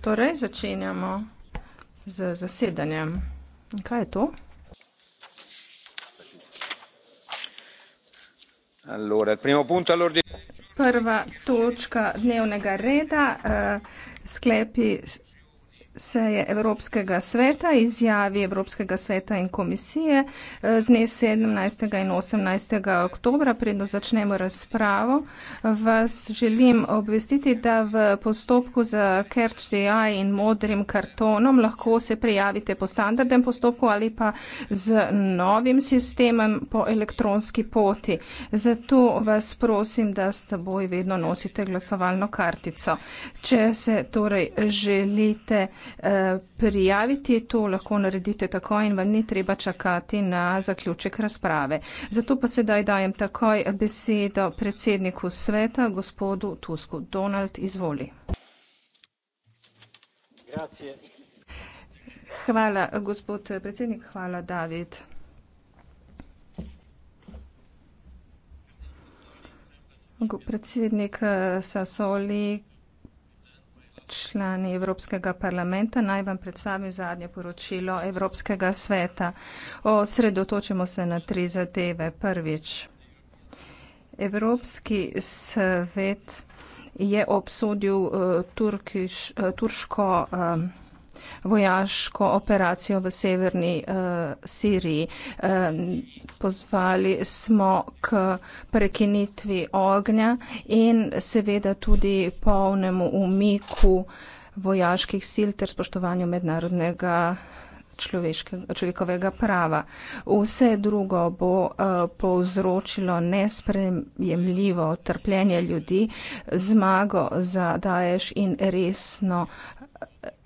Torej, začenjamo z zasedanjem. Kaj je to? Prva točka dnevnega reda, eh, sklepi seje Evropskega sveta, izjavi Evropskega sveta in komisije eh, z dne 17. in 18. oktobra, predno začnemo razpravo, vas želim obvestiti, da v postopku za KERČDI in modrim kartonom lahko se prijavite po standardnem postopku ali pa z novim sistemom po elektronski poti. Zato vas prosim, da s teboj vedno nosite glasovalno kartico. Če se torej želite Eh, prijaviti, to lahko naredite takoj in vam ni treba čakati na zaključek razprave. Zato pa sedaj dajem takoj besedo predsedniku sveta, gospodu Tusku. Donald, izvoli. Hvala, gospod predsednik, hvala, David. Predsednik Sassoli, člani Evropskega parlamenta, naj vam predstavim zadnje poročilo Evropskega sveta. Osredotočimo se na tri zadeve. Prvič, Evropski svet je obsodil uh, turkiš, uh, turško uh, vojaško operacijo v severni uh, Siriji. Um, pozvali smo k prekinitvi ognja in seveda tudi polnemu umiku vojaških sil ter spoštovanju mednarodnega človekovega prava. Vse drugo bo uh, povzročilo nespremljivo trpljenje ljudi, zmago za Daesh in resno uh,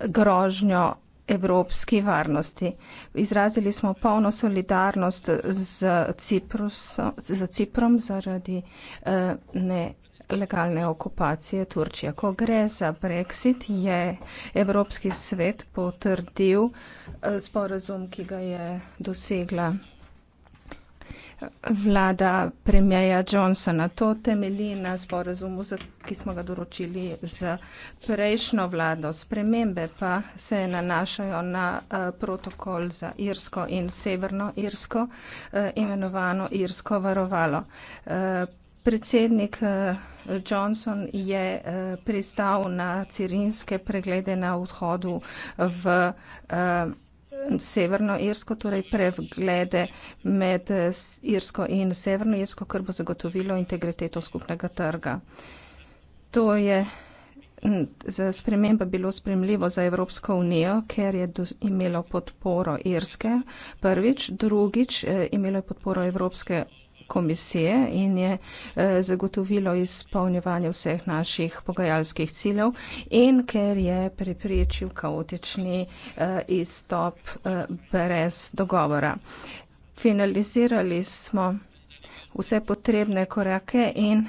grožnjo evropski varnosti. Izrazili smo polno solidarnost z, Ciprusom, z Ciprom zaradi eh, nelegalne okupacije Turčije. Ko gre za Brexit, je Evropski svet potrdil eh, sporazum, ki ga je dosegla vlada premjeja Johnsona. To temelji na sporozumu, ki smo ga doročili z prejšnjo vlado. Spremembe pa se nanašajo na eh, protokol za Irsko in Severno Irsko, eh, imenovano Irsko varovalo. Eh, predsednik Johnson je pristal na cirinske preglede na vzhodu v Irsko. Severno Irsko, torej preglede med Irsko in Severno Irsko, kar bo zagotovilo integriteto skupnega trga. To je za sprememba bilo spremljivo za Evropsko unijo, ker je do, imelo podporo Irske prvič, drugič eh, imelo je podporo Evropske unije komisije in je eh, zagotovilo izpolnjevanje vseh naših pogajalskih ciljev in ker je preprečil kaotični eh, izstop eh, brez dogovora. Finalizirali smo vse potrebne korake in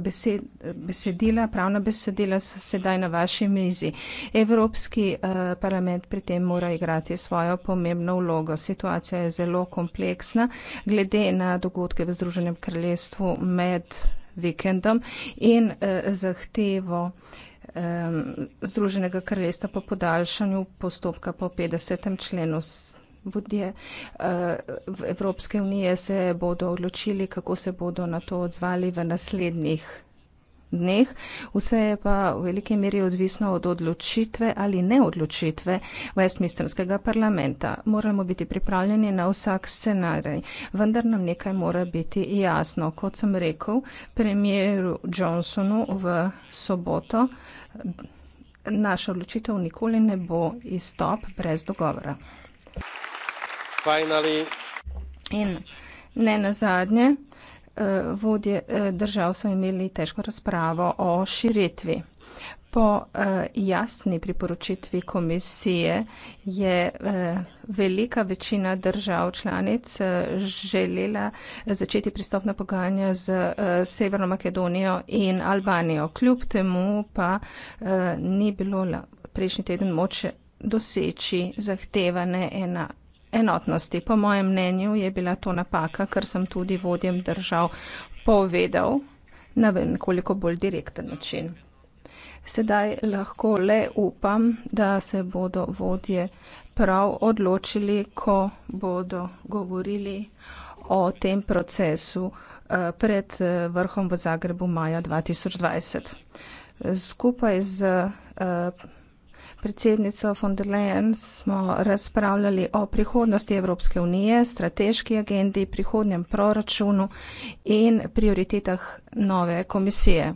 besed, besedila, pravna besedila so sedaj na vaši mizi. Evropski eh, parlament pri tem mora igrati svojo pomembno vlogo. Situacija je zelo kompleksna glede na dogodke v Združenem kraljestvu med vikendom in eh, zahtevo eh, Združenega kraljestva po podaljšanju postopka po 50. členu vodje eh, v Evropske unije se bodo odločili, kako se bodo na to odzvali v naslednjih dneh. Vse je pa v veliki meri odvisno od odločitve ali neodločitve Westminsterskega parlamenta. Moramo biti pripravljeni na vsak scenarij, vendar nam nekaj mora biti jasno. Kot sem rekel premijeru Johnsonu v soboto, naša odločitev nikoli ne bo izstop brez dogovora. Thank you. In ne nazadnje, eh, vodje eh, držav so imeli težko razpravo o širitvi. Po eh, jasni priporočitvi komisije je velika večina držav članic želela začeti pristopna pogajanja z Severno Makedonijo in Albanijo. Kljub temu pa ni bilo prejšnji teden moče doseči zahtevane enake enotnosti. Po mojem mnenju je bila to napaka, kar sem tudi vodjem držav povedal na nekoliko bolj direkten način. Sedaj lahko le upam, da se bodo vodje prav odločili, ko bodo govorili o tem procesu eh, pred eh, vrhom v Zagrebu maja 2020. Skupaj z eh, predsednico von der Leyen smo razpravljali o prihodnosti Evropske unije, strateški agendi, prihodnjem proračunu in prioritetah nove komisije.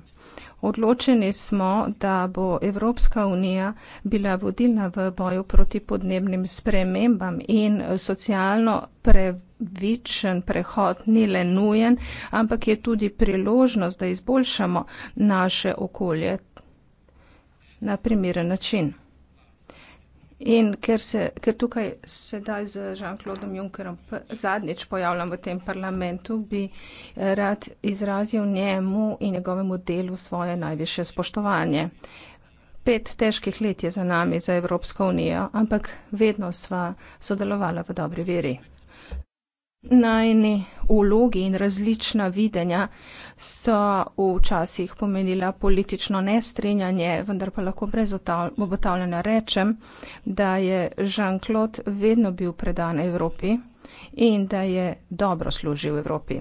Odločeni smo, da bo Evropska unija bila vodilna v boju proti podnebnim spremembam in socialno previčen prehod ni le nujen, ampak je tudi priložnost, da izboljšamo naše okolje na primeren način. In ker se ker tukaj sedaj z Jean-Claude Junckerom zadnjič pojavljam v tem parlamentu, bi eh, rad izrazil njemu in njegovemu delu svoje najviše spoštovanje. Pet težkih let je za nami, za Evropsko unijo, ampak vedno sva sodelovala v dobri veri. Najni vlogi in različna videnja so včasih pomenila politično nestrinjanje, vendar pa lahko brez obotavljanja rečem, da je Jean-Claude vedno bil predan Evropi in da je dobro služil Evropi.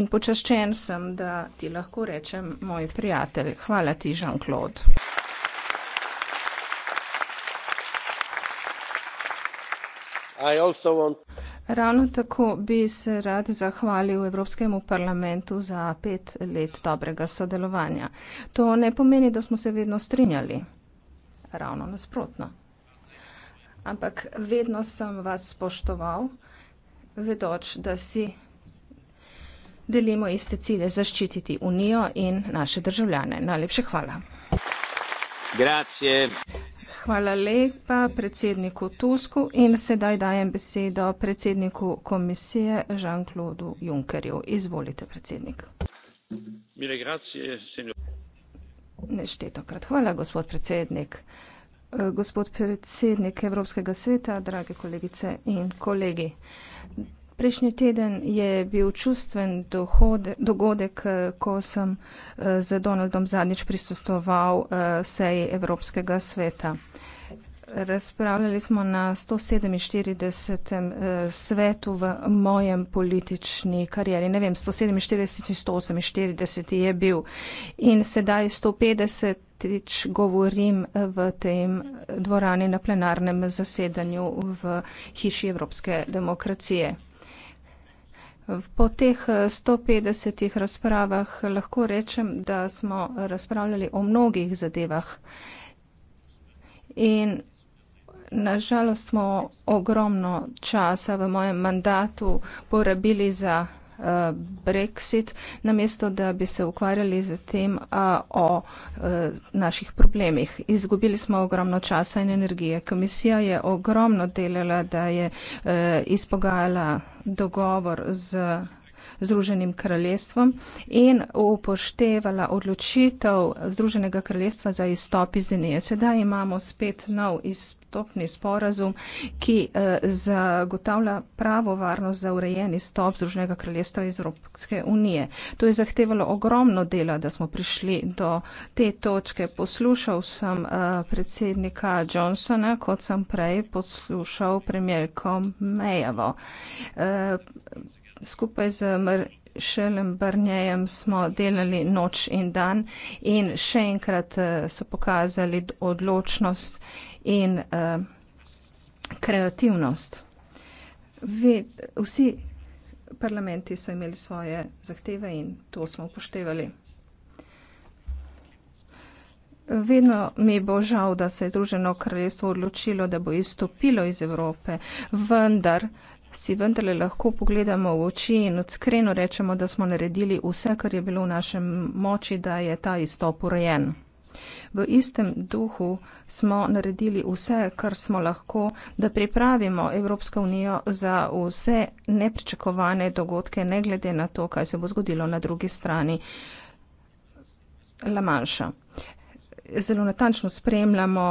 In počaščen sem, da ti lahko rečem, moj prijatelj, hvala ti, Jean-Claude. Ravno tako bi se rad zahvalil Evropskemu parlamentu za pet let dobrega sodelovanja. To ne pomeni, da smo se vedno strinjali. Ravno nasprotno. Ampak vedno sem vas spoštoval, vedoč, da si delimo iste cilje zaščititi Unijo in naše državljane. Najlepše hvala. Grazie. Hvala lepa predsedniku Tusku in sedaj dajem besedo predsedniku komisije Jean-Claude Junckerju. Izvolite, predsednik. Neštetokrat. Hvala, gospod predsednik. Eh, gospod predsednik Evropskega sveta, drage kolegice in kolegi. Prejšnji teden je bil čustven dohode, dogodek, eh, ko sem eh, z Donaldom zadnjič prisustoval eh, seji Evropskega sveta. Razpravljali smo na 147. svetu v mojem politični karieri. Ne vem, 147. in 148. je bil. In sedaj 150. govorim v tem dvorani na plenarnem zasedanju v hiši Evropske demokracije. Po teh 150 eh, razpravah lahko rečem, da smo razpravljali o mnogih zadevah. In nažalost smo ogromno časa v mojem mandatu porabili za Brexit, namesto da bi se ukvarjali z tem a, o a, e, naših problemih. Izgubili smo ogromno časa in energije. Komisija je ogromno delala, da je a, e, izpogajala dogovor z. Združenim kraljestvom in upoštevala odločitev Združenega kraljestva za izstop iz Unije. Sedaj imamo spet nov izstopni sporazum, ki eh, zagotavlja pravo varnost za urejen izstop Združenega kraljestva iz Evropske unije. To je zahtevalo ogromno dela, da smo prišli do te točke. Poslušal sem eh, predsednika Johnsona, kot sem prej poslušal premjerko Mejevo. Eh, skupaj z Maršelem Barnjejem smo delali noč in dan in še enkrat eh, so pokazali odločnost in uh, kreativnost. Ve, vsi parlamenti so imeli svoje zahteve in to smo upoštevali. Vedno mi bo žal, da se je Združeno kraljestvo odločilo, da bo izstopilo iz Evrope, vendar si vendarle lahko pogledamo v oči in odskreno rečemo, da smo naredili vse, kar je bilo v našem moči, da je ta izstop urejen. V istem duhu smo naredili vse, kar smo lahko, da pripravimo Evropsko unijo za vse nepričakovane dogodke, ne glede na to, kaj se bo zgodilo na drugi strani La Manša. Zelo natančno spremljamo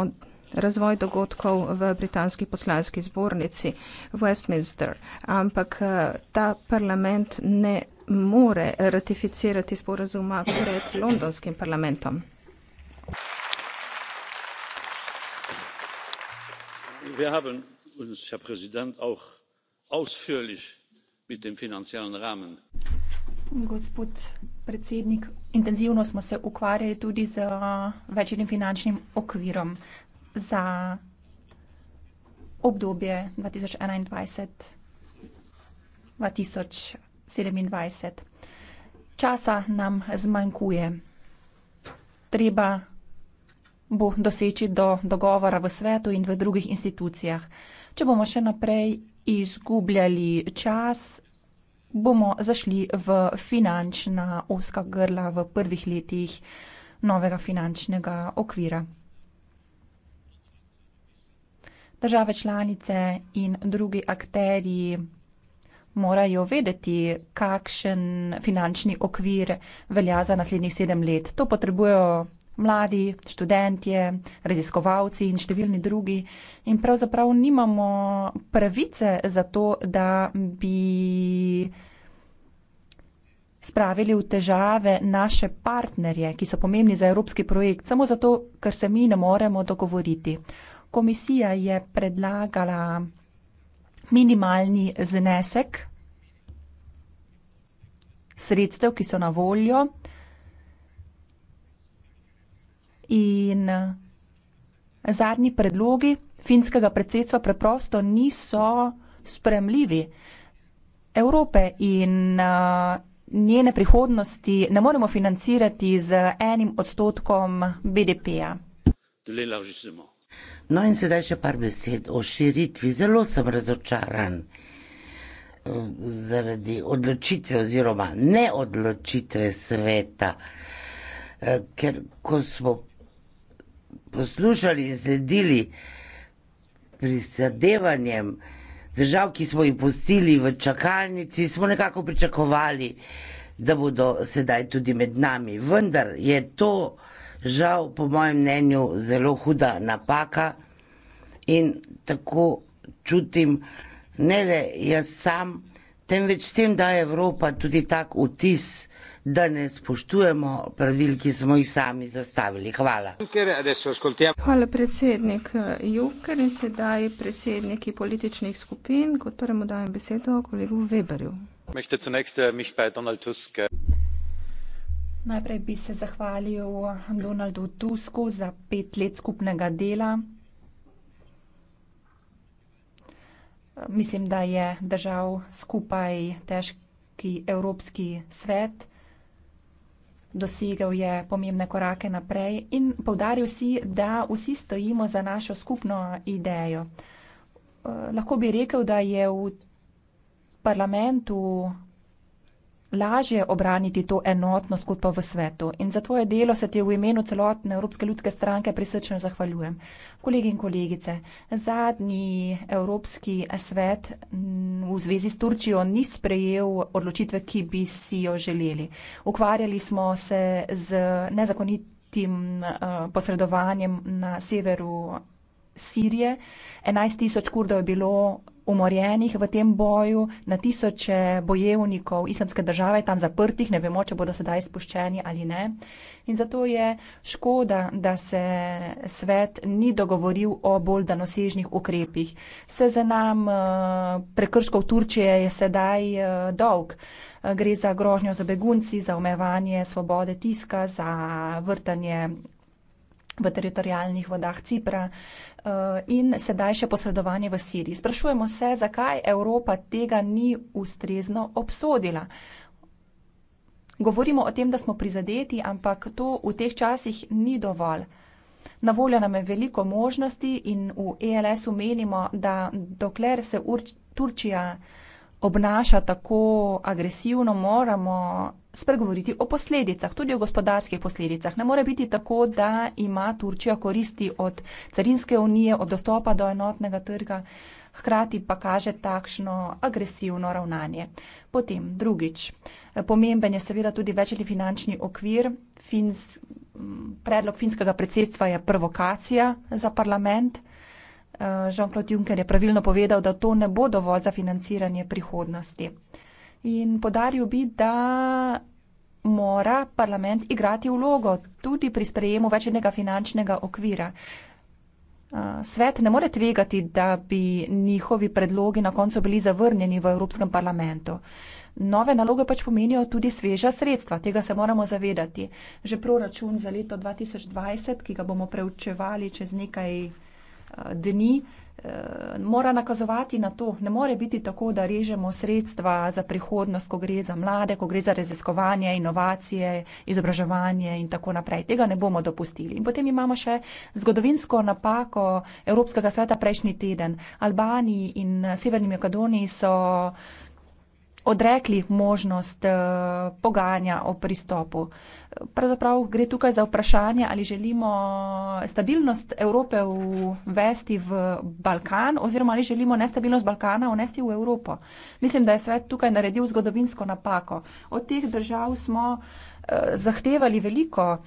razvoj dogodkov v britanski poslanski zbornici Westminster, ampak eh, ta parlament ne more ratificirati sporazuma pred londonskim parlamentom. Gospod predsednik, intenzivno smo se ukvarjali tudi z eh, večjim finančnim okvirom za obdobje 2021-2027. Časa nam zmanjkuje. Treba bo doseči do dogovora v svetu in v drugih institucijah. Če bomo še naprej izgubljali čas, bomo zašli v finančna oska grla v prvih letih novega finančnega okvira države članice in drugi akteri morajo vedeti, kakšen finančni okvir velja za naslednjih sedem let. To potrebujejo mladi, študentje, raziskovalci in številni drugi. In pravzaprav nimamo pravice za to, da bi spravili v težave naše partnerje, ki so pomembni za evropski projekt, samo zato, ker se mi ne moremo dogovoriti komisija je predlagala minimalni znesek sredstev, ki so na voljo in zadnji predlogi finskega predsedstva preprosto niso spremljivi. Evrope in uh, njene prihodnosti ne moremo financirati z enim odstotkom BDP-ja. No in sedaj še par besed o širitvi. Zelo sem razočaran zaradi odločitve oziroma neodločitve sveta, ker ko smo poslušali in sledili prizadevanjem držav, ki smo jih pustili v čakalnici, smo nekako pričakovali, da bodo sedaj tudi med nami. Vendar je to žal, po mojem mnenju, zelo huda napaka in tako čutim, ne le jaz sam, temveč tem, da je Evropa tudi tak vtis, da ne spoštujemo pravil, ki smo jih sami zastavili. Hvala. Hvala predsednik eh, Juker in sedaj predsedniki političnih skupin. Kot prvemu dajem besedo kolegu Weberju. Najprej bi se zahvalil Donaldu Tusku za pet let skupnega dela. Mislim, da je držal skupaj težki evropski svet, dosegel je pomembne korake naprej in povdaril si, da vsi stojimo za našo skupno idejo. Lahko bi rekel, da je v parlamentu lažje obraniti to enotnost kot pa v svetu. In za tvoje delo se ti v imenu celotne Evropske ljudske stranke prisrčno zahvaljujem. Kolegi in kolegice, zadnji Evropski svet mm, v zvezi s Turčijo ni sprejel odločitve, ki bi si jo želeli. Ukvarjali smo se z nezakonitim eh, posredovanjem na severu Sirije. 11 tisoč kurdov je bilo umorjenih v tem boju, na tisoče bojevnikov islamske države tam zaprtih, ne vemo, če bodo sedaj spuščeni ali ne. In zato je škoda, da se svet ni dogovoril o bolj danosežnih ukrepih. Se za nam eh, prekrškov Turčije je sedaj eh, dolg. Eh, gre za grožnjo za begunci, za omejevanje svobode tiska, za vrtanje v teritorijalnih vodah Cipra eh, in sedaj še posredovanje v Siriji. Sprašujemo se, zakaj Evropa tega ni ustrezno obsodila. Govorimo o tem, da smo prizadeti, ampak to v teh časih ni dovolj. Na voljo nam je veliko možnosti in v ELS-u menimo, da dokler se Turčija obnaša tako agresivno, moramo spregovoriti o posledicah, tudi o gospodarskih posledicah. Ne more biti tako, da ima Turčija koristi od carinske unije, od dostopa do enotnega trga, hkrati pa kaže takšno agresivno ravnanje. Potem drugič, pomemben je seveda tudi večni finančni okvir. Fins, predlog finskega predsedstva je provokacija za parlament. Jean-Claude Juncker je pravilno povedal, da to ne bo dovolj za financiranje prihodnosti. In podaril bi, da mora parlament igrati vlogo tudi pri sprejemu večjega finančnega okvira. Svet ne more tvegati, da bi njihovi predlogi na koncu bili zavrnjeni v Evropskem parlamentu. Nove naloge pač pomenijo tudi sveža sredstva, tega se moramo zavedati. Že proračun za leto 2020, ki ga bomo preučevali čez nekaj dni, eh, mora nakazovati na to. Ne more biti tako, da režemo sredstva za prihodnost, ko gre za mlade, ko gre za raziskovanje, inovacije, izobraževanje in tako naprej. Tega ne bomo dopustili. In potem imamo še zgodovinsko napako Evropskega sveta prejšnji teden. Albaniji in Severni Makedoniji so odrekli možnost eh, pogajanja o pristopu. Pravzaprav gre tukaj za vprašanje, ali želimo stabilnost Evrope uvesti v Balkan oziroma ali želimo nestabilnost Balkana unesti v Evropo. Mislim, da je svet tukaj naredil zgodovinsko napako. Od teh držav smo eh, zahtevali veliko.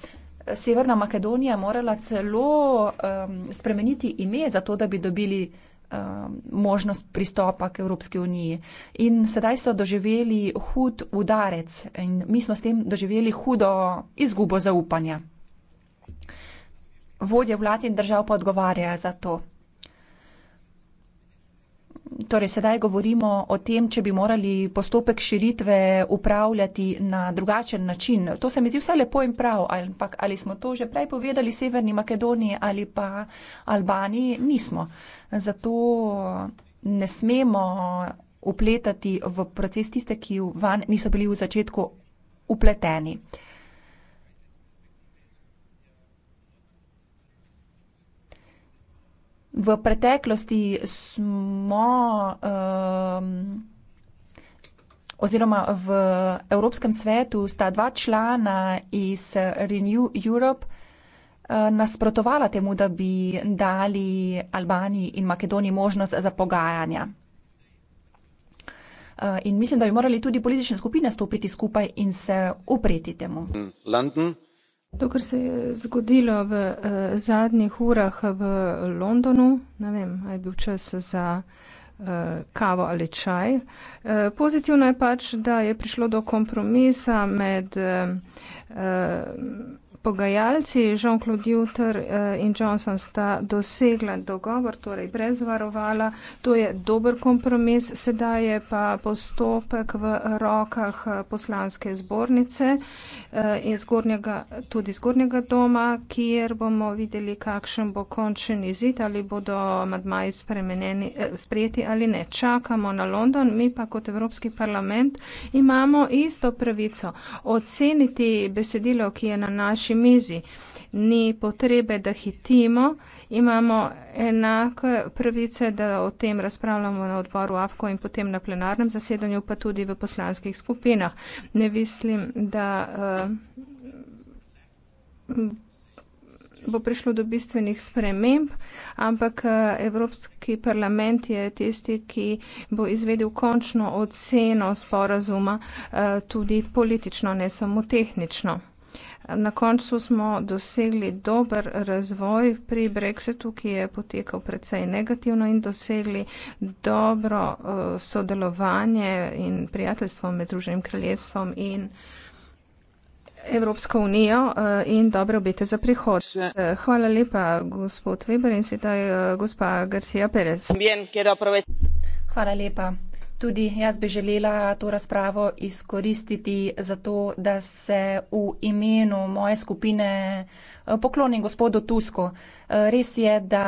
Severna Makedonija je morala celo um, spremeniti ime, zato da bi dobili Um, možnost pristopa k Evropski uniji. In sedaj so doživeli hud udarec in mi smo s tem doživeli hudo izgubo zaupanja. Vodje vlad in držav pa odgovarjajo za to. Torej, sedaj govorimo o tem, če bi morali postopek širitve upravljati na drugačen način. To se mi zdi vse lepo in prav, ampak ali smo to že prej povedali Severni Makedoniji ali pa Albaniji, nismo. Uh, Zato ne smemo upletati v proces tiste, ki van niso bili v začetku upleteni. V preteklosti smo um, oziroma v Evropskem svetu sta dva člana iz Renew Europe Eh, nasprotovala temu, da bi dali Albaniji in Makedoniji možnost za pogajanja. Eh, in mislim, da bi morali tudi politične skupine stopiti skupaj in se upreti temu. London. To, kar se je zgodilo v uh, zadnjih urah v Londonu, ne vem, ali je bil čas za uh, kavo ali čaj. Uh, pozitivno je pač, da je prišlo do kompromisa med. Uh, uh, pogajalci Jean-Claude Juncker eh, in Johnson sta dosegla dogovor, torej brez varovala. To je dober kompromis, sedaj je pa postopek v rokah eh, poslanske zbornice eh, in zgornjega, tudi zgornjega doma, kjer bomo videli, kakšen bo končen izid, ali bodo madmaji sprejeti ali ne. Čakamo na London, mi pa kot Evropski parlament imamo isto pravico oceniti besedilo, ki je na naši naši mizi. Ni potrebe, da hitimo, imamo enake pravice, da o tem razpravljamo na odboru AFKO in potem na plenarnem zasedanju, pa tudi v poslanskih skupinah. Ne mislim, da eh, bo prišlo do bistvenih sprememb, ampak eh, Evropski parlament je tisti, ki bo izvedel končno oceno sporazuma eh, tudi politično, ne samo tehnično. Na koncu smo dosegli dober razvoj pri Brexitu, ki je potekal precej negativno in dosegli dobro eh, sodelovanje in prijateljstvo med Združenim kraljestvom in Evropsko unijo eh, in dobre obete za prihod. Eh, hvala lepa, gospod Weber in sedaj gospa Garcia Perez. Hvala lepa. Tudi jaz bi želela to razpravo izkoristiti za to, da se v imenu moje skupine eh, poklonim gospodu Tusku. Eh, res je, da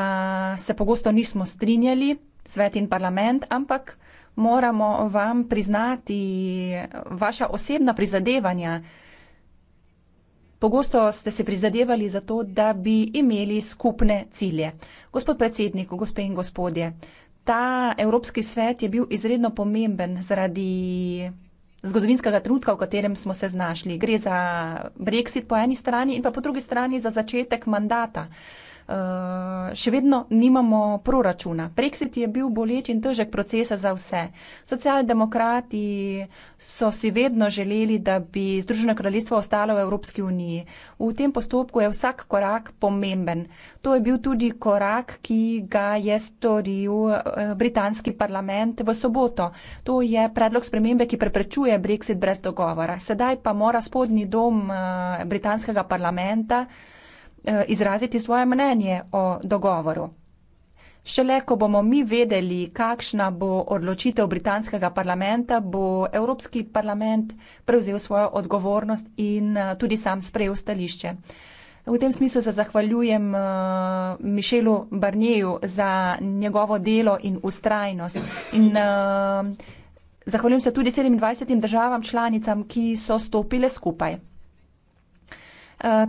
se pogosto nismo strinjali, svet in parlament, ampak moramo vam priznati eh, vaša osebna prizadevanja. Pogosto ste se prizadevali za to, da bi imeli skupne cilje. Gospod predsednik, gospe in gospodje, ta Evropski svet je bil izredno pomemben zaradi zgodovinskega trenutka, v katerem smo se znašli. Gre za Brexit po eni strani in pa po drugi strani za začetek mandata. Eh, še vedno nimamo proračuna. Brexit je bil boleč in težek proces za vse. Socialdemokrati so si vedno želeli, da bi Združeno kraljestvo ostalo v Evropski uniji. V tem postopku je vsak korak pomemben. To je bil tudi korak, ki ga je storil eh, britanski parlament v soboto. To je predlog spremembe, ki preprečuje Brexit brez dogovora. Sedaj pa mora spodnji dom eh, britanskega parlamenta Eh, izraziti svoje mnenje o dogovoru. Šele ko bomo mi vedeli, kakšna bo odločitev britanskega parlamenta, bo Evropski parlament prevzel svojo odgovornost in eh, tudi sam sprejel stališče. V tem smislu se zahvaljujem uh, Mišelu Barnieju za njegovo delo in ustrajnost. In, uh, zahvaljujem se tudi 27 državam članicam, ki so stopile skupaj.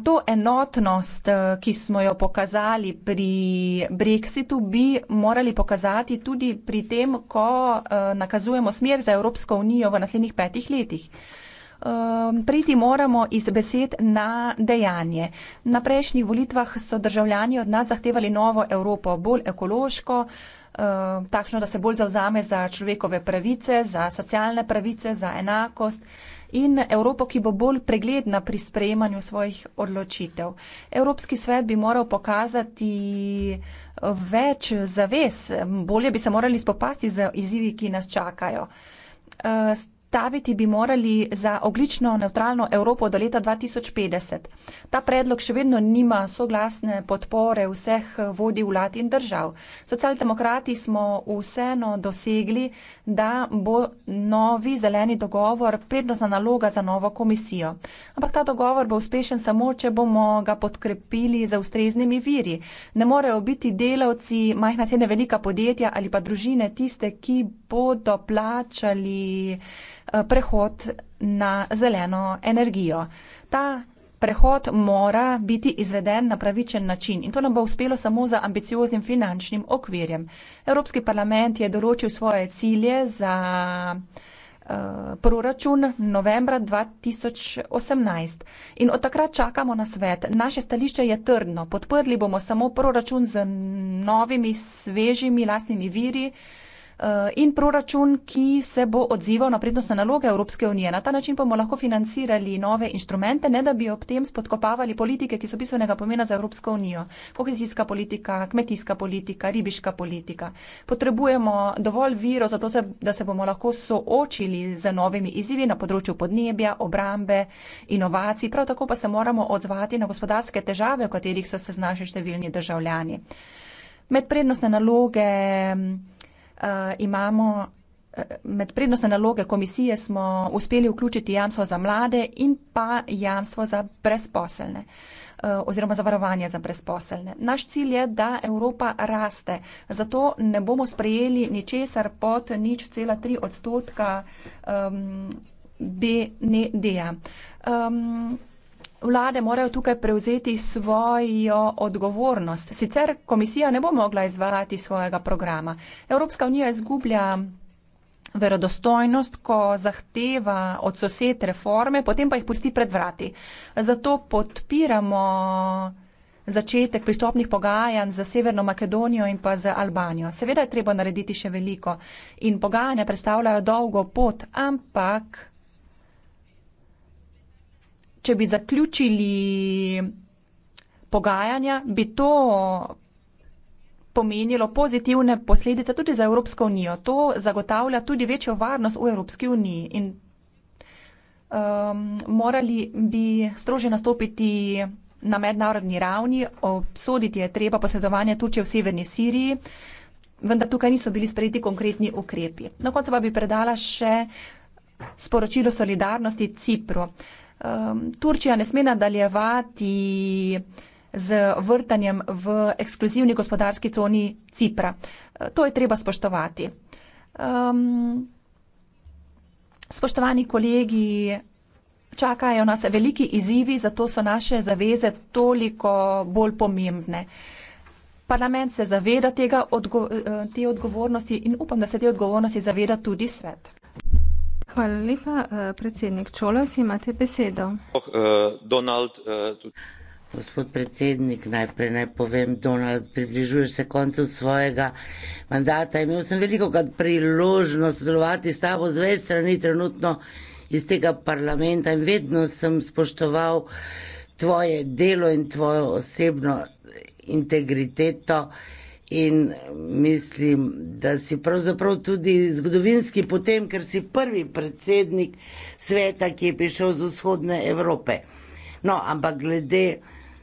To enotnost, eh, ki smo jo pokazali pri Brexitu, bi morali pokazati tudi pri tem, ko eh, nakazujemo smer za Evropsko unijo v naslednjih petih letih. Eh, priti moramo iz besed na dejanje. Na prejšnjih volitvah so državljani od nas zahtevali novo Evropo, bolj ekološko, takšno, da se bolj zauzame za človekove pravice, za socialne pravice, za enakost in Evropo, ki bo bolj pregledna pri sprejemanju svojih odločitev. Evropski svet bi moral pokazati eh, več zaves, bolje bi se morali spopasti z izzivi, ki nas čakajo. Uh, staviti bi morali za oglično neutralno Evropo do leta 2050. Ta predlog še vedno nima soglasne podpore vseh vodij vlad in držav. Socialdemokrati smo vseeno dosegli, da bo novi zeleni dogovor prednostna naloga za novo komisijo. Ampak ta dogovor bo uspešen samo, če bomo ga podkrepili za ustreznimi viri. Ne morejo biti delavci, majhna sedne velika podjetja ali pa družine tiste, ki bodo plačali Eh, prehod na zeleno energijo. Ta Prehod mora biti izveden na pravičen način in to nam bo uspelo samo z ambicioznim finančnim okvirjem. Evropski parlament je določil svoje cilje za uh, proračun novembra 2018 in od takrat čakamo na svet. Naše stališče je trdno. Podprli bomo samo proračun z novimi, svežimi, lastnimi viri. Uh, Eh, in proračun, ki se bo odzival na prednostne naloge Evropske unije. Na ta način bomo lahko financirali nove inštrumente, ne da bi ob tem spodkopavali politike, ki so bistvenega pomena za Evropsko unijo. Kohezijska politika, kmetijska politika, ribiška politika. Potrebujemo dovolj virov, zato se, da se bomo lahko soočili z novimi izzivi na področju podnebja, obrambe, inovacij, prav tako pa se moramo odzvati na gospodarske težave, v katerih so se znašli številni državljani. Med prednostne naloge uh, imamo uh, med prednostne naloge komisije smo uspeli vključiti jamstvo za mlade in pa jamstvo za brezposelne eh, oziroma zavarovanje za brezposelne. Naš cilj je, da Evropa raste. Zato ne bomo sprejeli ničesar pod nič cela tri odstotka um, ehm, BND-ja. Um, ehm, vlade morajo tukaj prevzeti svojo odgovornost. Sicer komisija ne bo mogla izvajati svojega programa. Evropska unija izgublja verodostojnost, ko zahteva od sosed reforme, potem pa jih pusti pred vrati. Zato podpiramo začetek pristopnih pogajanj za Severno Makedonijo in pa za Albanijo. Seveda je treba narediti še veliko in pogajanja predstavljajo dolgo pot, ampak če bi zaključili pogajanja, bi to pomenilo pozitivne posledice tudi za Evropsko unijo. To zagotavlja tudi večjo varnost v Evropski uniji in um, morali bi strože nastopiti na mednarodni ravni, obsoditi je treba posledovanje Turčije v severni Siriji, vendar tukaj niso bili sprejeti konkretni ukrepi. Na koncu pa bi predala še sporočilo solidarnosti Cipru. Uh, um, Turčija ne sme nadaljevati z vrtanjem v ekskluzivni gospodarski coni Cipra. E, to je treba spoštovati. Um, spoštovani kolegi, čakajo nas veliki izzivi, zato so naše zaveze toliko bolj pomembne. Parlament se zaveda tega, odgo e, te odgovornosti in upam, da se te odgovornosti zaveda tudi svet. Hvala lepa. Eh, predsednik Čolos, imate besedo. Oh, eh, Donald, eh, Gospod predsednik, najprej naj povem, Donald, približuješ se koncu svojega mandata. Imel sem veliko krat priložnost sodelovati s tabo z več strani trenutno iz tega parlamenta in vedno sem spoštoval tvoje delo in tvojo osebno integriteto. In mislim, da si pravzaprav tudi zgodovinski potem, ker si prvi predsednik sveta, ki je prišel z vzhodne Evrope. No, ampak glede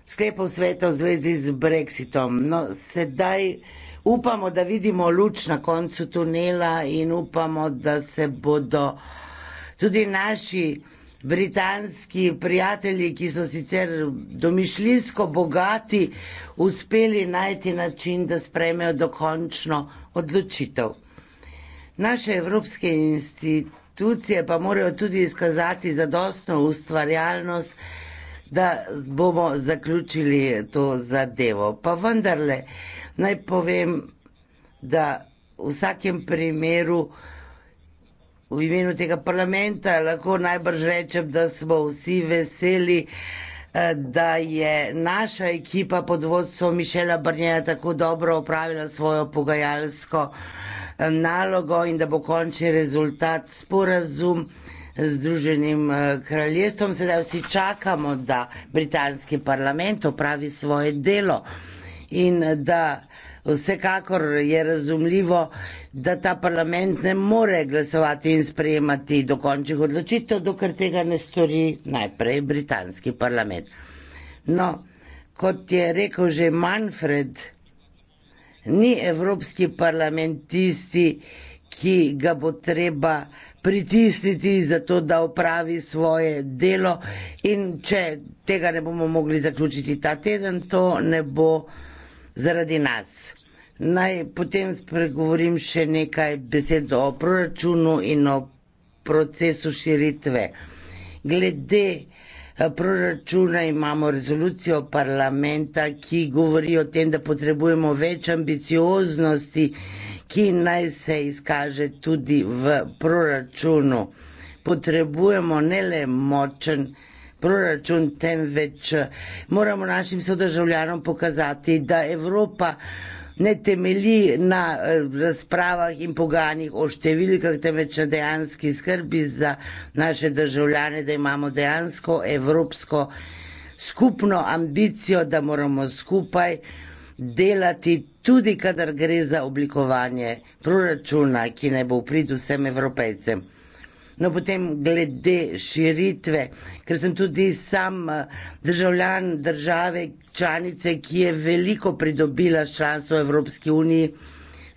sklepov sveta v zvezi z Brexitom, no, sedaj upamo, da vidimo luč na koncu tunela in upamo, da se bodo tudi naši britanski prijatelji, ki so sicer domišljijsko bogati, uspeli najti način, da sprejmejo dokončno odločitev. Naše evropske institucije pa morajo tudi izkazati zadostno ustvarjalnost, da bomo zaključili to zadevo. Pa vendarle, naj povem, da v vsakem primeru v imenu tega parlamenta lahko najbrž rečem, da smo vsi veseli, eh, da je naša ekipa pod vodstvom Mišela Brnjena tako dobro opravila svojo pogajalsko eh, nalogo in da bo končni rezultat sporazum z Združenim eh, kraljestvom. Sedaj vsi čakamo, da britanski parlament opravi svoje delo in da vsekakor je razumljivo, da ta parlament ne more glasovati in sprejemati dokončnih odločitev, dokler tega ne stori najprej britanski parlament. No, kot je rekel že Manfred, ni Evropski parlament tisti, ki ga bo treba pritisniti za to, da opravi svoje delo in če tega ne bomo mogli zaključiti ta teden, to ne bo zaradi nas. Naj potem spregovorim še nekaj besed o proračunu in o procesu širitve. Glede eh, proračuna imamo rezolucijo parlamenta, ki govori o tem, da potrebujemo več ambicioznosti, ki naj se izkaže tudi v proračunu. Potrebujemo ne le močen proračun, proračun, temveč eh, moramo našim sodržavljanom pokazati, da Evropa ne temelji na eh, razpravah in pogajanjih o številkah, temveč na dejanski skrbi za naše državljane, da imamo dejansko evropsko skupno ambicijo, da moramo skupaj delati tudi, kadar gre za oblikovanje proračuna, ki naj bo v prid vsem evropejcem. No, potem glede širitve, ker sem tudi sam eh, državljan države članice, ki je veliko pridobila s članstvo v Evropski uniji,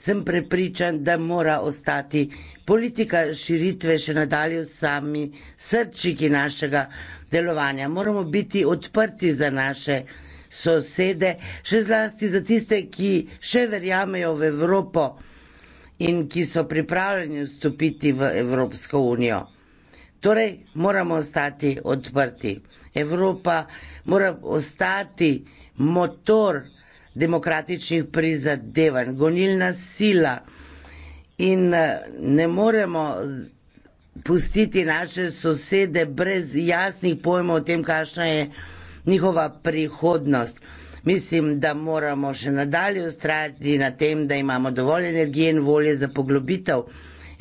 sem prepričan, da mora ostati politika širitve še nadalje v sami srčiki našega delovanja. Moramo biti odprti za naše sosede, še zlasti za tiste, ki še verjamejo v Evropo in ki so pripravljeni vstopiti v Evropsko unijo. Torej, moramo ostati odprti. Evropa mora ostati motor demokratičnih prizadevanj, gonilna sila in eh, ne moremo pustiti naše sosede brez jasnih pojmov o tem, kakšna je njihova prihodnost. Mislim, da moramo še nadalje ustrajati na tem, da imamo dovolj energije in volje za poglobitev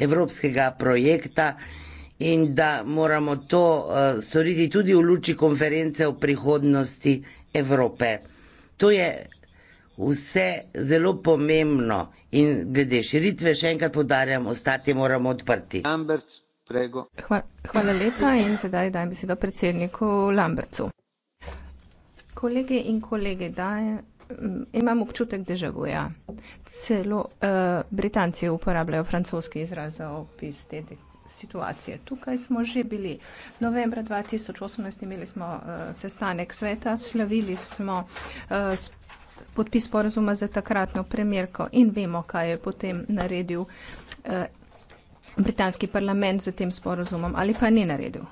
evropskega projekta in da moramo to eh, storiti tudi v luči konference o prihodnosti Evrope. To je vse zelo pomembno in glede širitve še enkrat podarjam, ostati moramo odprti. Lambert, Hva, hvala lepa in sedaj dajem besedo predsedniku Lambercu kolegi in kolege, da mm, imam občutek državuja. Celo uh, Britanci uporabljajo francoski izraz za opis te situacije. Tukaj smo že bili. Novembra 2018 imeli smo uh, sestanek sveta, slavili smo uh, podpis porazuma za takratno premjerko in vemo, kaj je potem naredil. Uh, Britanski parlament z tem sporozumom ali pa ni naredil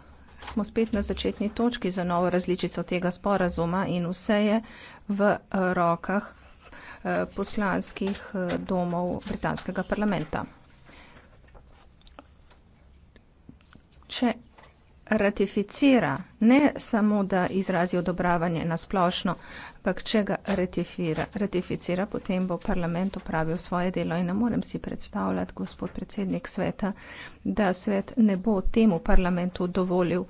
smo spet na začetni točki za novo različico tega sporazuma in vse je v eh, rokah eh, poslanskih eh, domov britanskega parlamenta. Če ratificira ne samo, da izrazi odobravanje na splošno, ampak če ga ratificira, ratificira, potem bo parlament opravil svoje delo in ne morem si predstavljati, gospod predsednik sveta, da svet ne bo temu parlamentu dovolil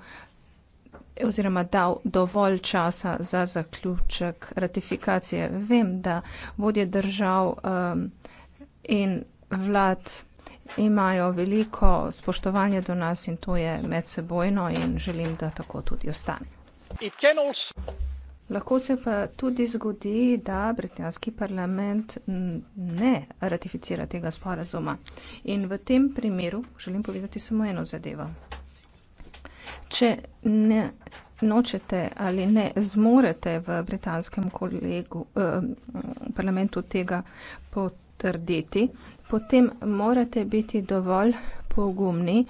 oziroma dal dovolj časa za zaključek ratifikacije. Vem, da vodje držav um, in vlad imajo veliko spoštovanje do nas in to je medsebojno in želim, da tako tudi ostane. It can also... Lahko se pa tudi zgodi, da britanski parlament ne ratificira tega sporazuma. In v tem primeru želim povedati samo eno zadevo. Če ne nočete ali ne zmorete v britanskem kolegu, eh, parlamentu tega potrditi, potem morate biti dovolj pogumni,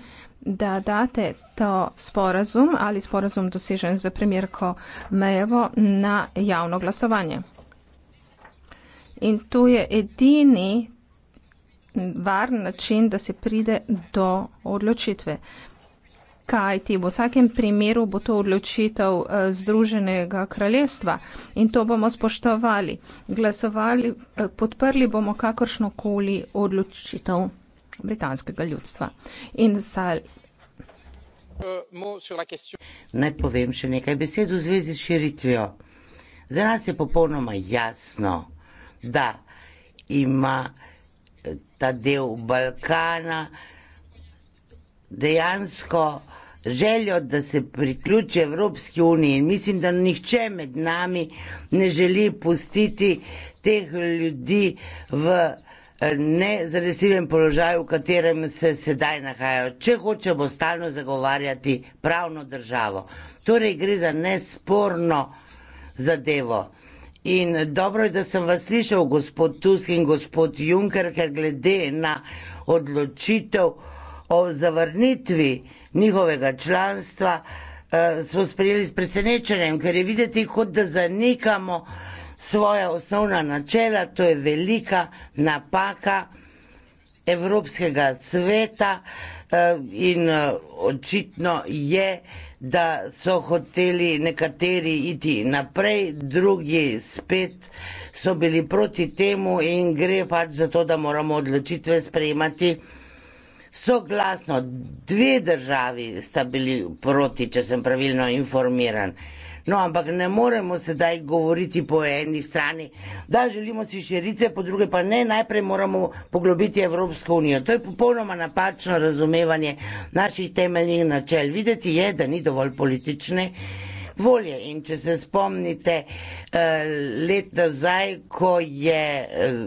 da date to sporazum ali sporazum dosežen za premjerko Mejevo na javno glasovanje. In to je edini varen način, da se pride do odločitve. Kajti v vsakem primeru bo to odločitev eh, Združenega kraljestva in to bomo spoštovali. Glasovali, eh, podprli bomo kakršnokoli odločitev britanskega ljudstva. Naj povem še nekaj besed v zvezi s širitvijo. Za nas je popolnoma jasno, da ima eh, ta del Balkana dejansko željo, da se priključi Evropski uniji in mislim, da nihče med nami ne želi pustiti teh ljudi v Evropski uniji nezanesljivem položaju, v katerem se sedaj nahajajo, če hočemo stalno zagovarjati pravno državo. Torej gre za nesporno zadevo. In dobro je, da sem vas slišal, gospod Tusk in gospod Juncker, ker glede na odločitev o zavrnitvi njihovega članstva eh, smo sprejeli s presenečenjem, ker je videti, kot da zanikamo svoje osnovna načela, to je velika napaka Evropskega sveta eh, in eh, očitno je, da so hoteli nekateri iti naprej, drugi spet so bili proti temu in gre pač za to, da moramo odločitve sprejemati soglasno. Dve državi sta bili proti, če sem pravilno informiran. No, ampak ne moremo sedaj govoriti po eni strani, da želimo si širitve, po druge pa ne, najprej moramo poglobiti Evropsko unijo. To je popolnoma napačno razumevanje naših temeljnih načel. Videti je, da ni dovolj politične volje. In če se spomnite eh, let nazaj, ko je eh,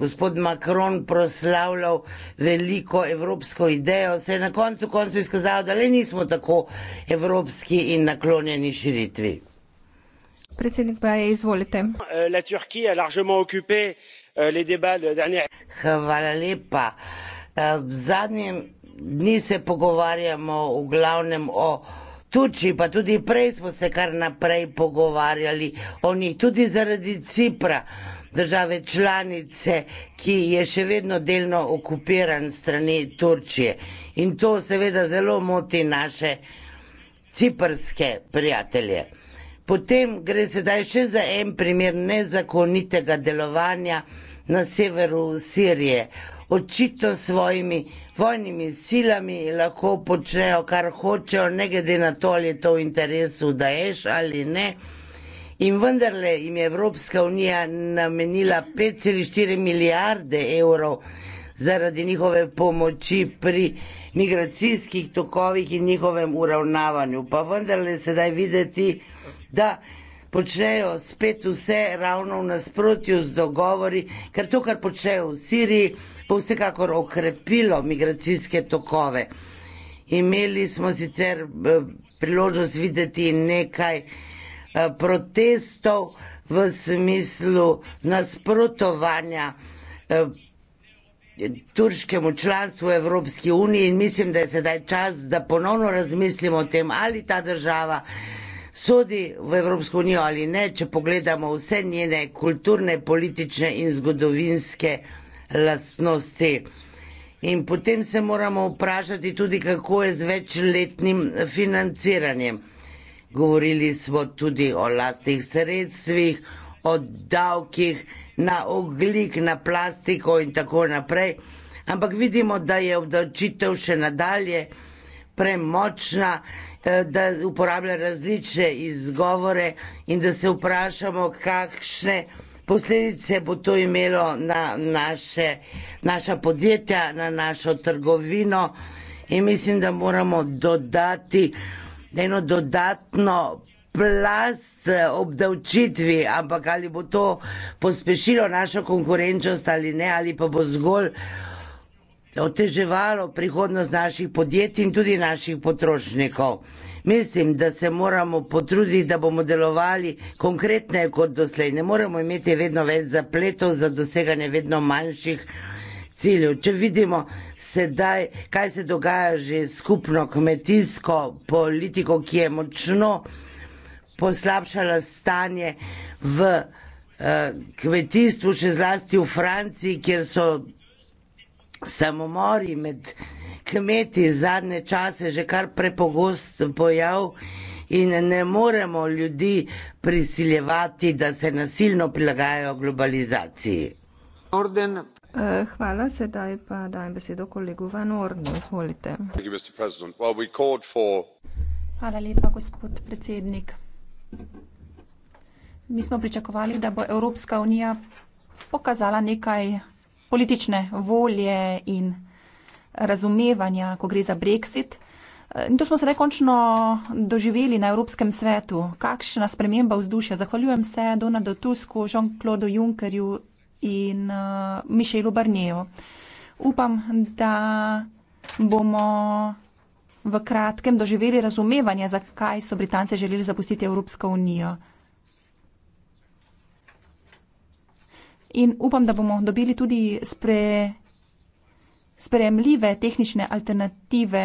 gospod Macron proslavljal veliko evropsko idejo, se je na koncu, koncu izkazalo, da le nismo tako evropski in naklonjeni širitvi. Predsednik pa je, izvolite. Eh, la Turquie je largement occupé les débats de dernière. Hvala lepa. V zadnjem dni se pogovarjamo v glavnem o Tuči, pa tudi prej smo se kar naprej pogovarjali o njih, tudi zaradi Cipra, države članice, ki je še vedno delno okupiran strani Turčije. In to seveda zelo moti naše ciprske prijatelje. Potem gre sedaj še za en primer nezakonitega delovanja na severu Sirije. Očitno svojimi vojnimi silami lahko počnejo, kar hočejo, ne glede na to, ali je to v interesu Daesh ali ne. In vendarle jim je Evropska unija namenila 5,4 milijarde evrov zaradi njihove pomoči pri migracijskih tokovih in njihovem uravnavanju. Pa vendarle sedaj videti, da počnejo spet vse ravno v nasprotju z dogovori, ker to, kar počnejo v Siriji, bo vsekakor okrepilo migracijske tokove. Imeli smo sicer eh, priložnost videti nekaj eh, protestov v smislu nasprotovanja eh, turškemu članstvu v Evropski uniji in mislim, da je sedaj čas, da ponovno razmislimo o tem, ali ta država sodi v Evropsko unijo ali ne, če pogledamo vse njene kulturne, politične in zgodovinske lastnosti. In potem se moramo vprašati tudi, kako je z večletnim financiranjem. Govorili smo tudi o lastnih sredstvih, o davkih na oglik, na plastiko in tako naprej. Ampak vidimo, da je obdavčitev še nadalje premočna, eh, da uporablja različne izgovore in da se vprašamo, kakšne posledice bo to imelo na naše, naša podjetja, na našo trgovino. In mislim, da moramo dodati eno dodatno plast eh, obdavčitvi, ampak ali bo to pospešilo našo konkurenčnost ali ne, ali pa bo zgolj oteževalo prihodnost naših podjetij in tudi naših potrošnikov. Mislim, da se moramo potruditi, da bomo delovali konkretneje kot doslej. Ne moremo imeti vedno več zapletov za doseganje vedno manjših ciljev. Če vidimo sedaj, kaj se dogaja že skupno kmetijsko politiko, ki je močno poslabšala stanje v eh, kmetijstvu, še zlasti v Franciji, kjer so samomori med kmeti zadnje čase že kar prepogost pojav in ne moremo ljudi prisiljevati, da se nasilno prilagajajo globalizaciji. Orden. Eh, hvala, sedaj pa dajem besedo kolegu Van Ornu, izvolite. Hvala lepa, gospod predsednik. Mi smo pričakovali, da bo Evropska unija pokazala nekaj politične volje in razumevanja, ko gre za brexit. In to smo sedaj končno doživeli na Evropskem svetu. Kakšna sprememba vzdušja? Zahvaljujem se Donaldu Tusku, Jean-Claude Junckerju in uh, Mišelu Barnejo. Upam, da bomo v kratkem doživeli razumevanje, zakaj so Britance želeli zapustiti Evropsko unijo. in upam, da bomo dobili tudi spre, spremljive tehnične alternative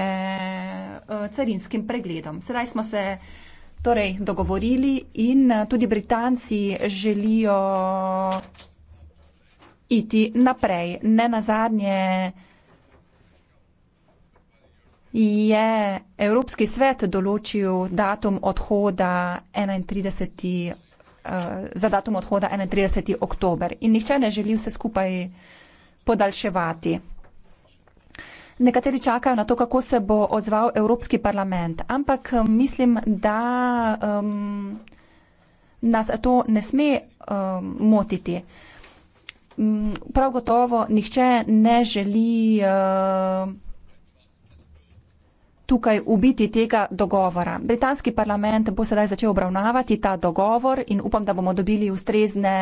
uh, carinskim pregledom. Sedaj smo se torej dogovorili in uh, tudi Britanci želijo iti naprej. Ne na zadnje je Evropski svet določil datum odhoda 31. Eh, za datum odhoda 31. oktober in nihče ne želi vse skupaj podaljševati. Nekateri čakajo na to, kako se bo odzval Evropski parlament, ampak eh, mislim, da um, nas to ne sme um, motiti. Prav gotovo nihče ne želi. Uh, tukaj ubiti tega dogovora. Britanski parlament bo sedaj začel obravnavati ta dogovor in upam, da bomo dobili ustrezne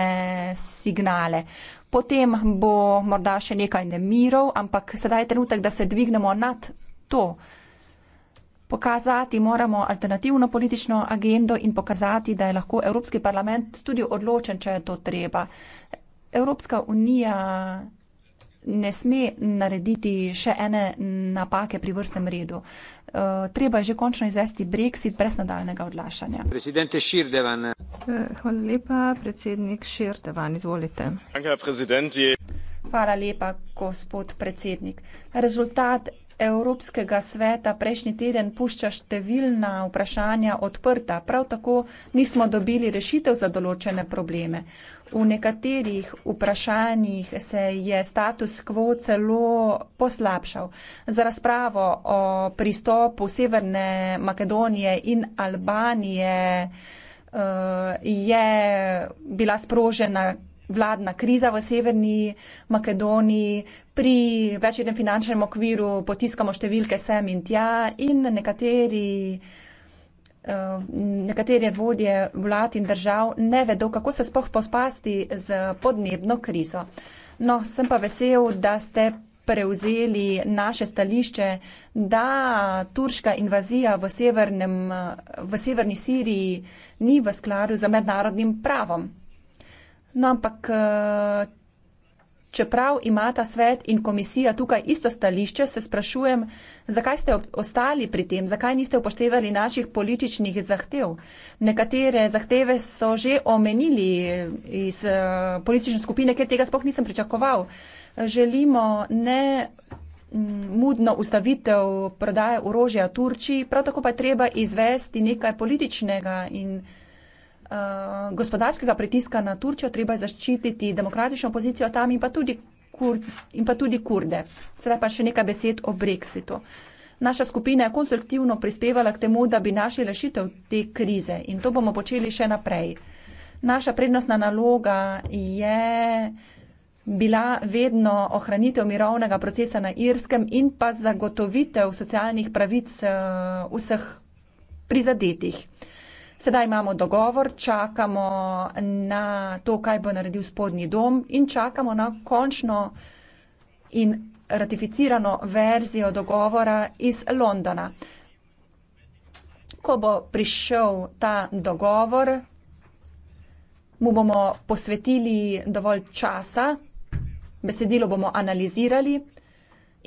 signale. Potem bo morda še nekaj nemirov, ampak sedaj je trenutek, da se dvignemo nad to. Pokazati moramo alternativno politično agendo in pokazati, da je lahko Evropski parlament tudi odločen, če je to treba. Evropska unija ne sme narediti še ene napake pri vrstnem redu. Uh, treba je že končno izvesti brexit brez nadaljnega odlašanja. Eh, hvala lepa, predsednik Širdevan, izvolite. Hvala lepa, gospod predsednik. Rezultat Evropskega sveta prejšnji teden pušča številna vprašanja odprta. Prav tako nismo dobili rešitev za določene probleme. V nekaterih vprašanjih se je status quo celo poslabšal. Za razpravo o pristopu Severne Makedonije in Albanije eh, je bila sprožena vladna kriza v Severni Makedoniji, pri večjem finančnem okviru potiskamo številke sem in tja in nekateri, eh, nekateri vodje vlad in držav ne vedo, kako se spoh pospasti z podnebno krizo. No, sem pa vesel, da ste prevzeli naše stališče, da turška invazija v, severnem, v severni Siriji ni v skladu z mednarodnim pravom. No, ampak eh, čeprav ima ta svet in komisija tukaj isto stališče, se sprašujem, zakaj ste ostali pri tem, zakaj niste upoštevali naših političnih zahtev. Nekatere zahteve so že omenili iz eh, politične skupine, ker tega spoh nisem pričakoval. Želimo ne mm, mudno ustavitev prodaje orožja Turčiji, prav tako pa je treba izvesti nekaj političnega in uh, gospodarskega pritiska na Turčjo, treba je zaščititi demokratično opozicijo tam in pa tudi, kur, in pa tudi kurde. Sedaj pa še nekaj besed o brexitu. Naša skupina je konstruktivno prispevala k temu, da bi našli rešitev te krize in to bomo počeli še naprej. Naša prednostna naloga je bila vedno ohranitev mirovnega procesa na Irskem in pa zagotovitev socialnih pravic eh, vseh prizadetih. Sedaj imamo dogovor, čakamo na to, kaj bo naredil spodnji dom in čakamo na končno in ratificirano verzijo dogovora iz Londona. Ko bo prišel ta dogovor, mu bomo posvetili dovolj časa, besedilo bomo analizirali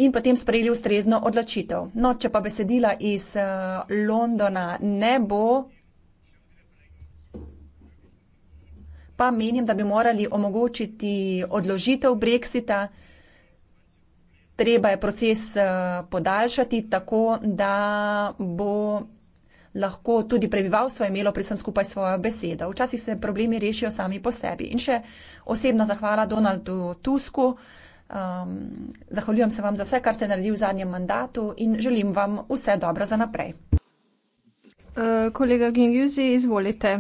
in potem sprejeli ustrezno odločitev. No, če pa besedila iz eh, Londona ne bo, pa menim, da bi morali omogočiti odložitev brexita. Treba je proces eh, podaljšati tako, da bo lahko tudi prebivalstvo imelo pri vsem skupaj svojo besedo. Včasih se problemi rešijo sami po sebi. In še osebna zahvala Donaldu Tusku. Um, zahvaljujem se vam za vse, kar ste naredili v zadnjem mandatu in želim vam vse dobro za naprej. Uh, kolega Gengjuzi, izvolite.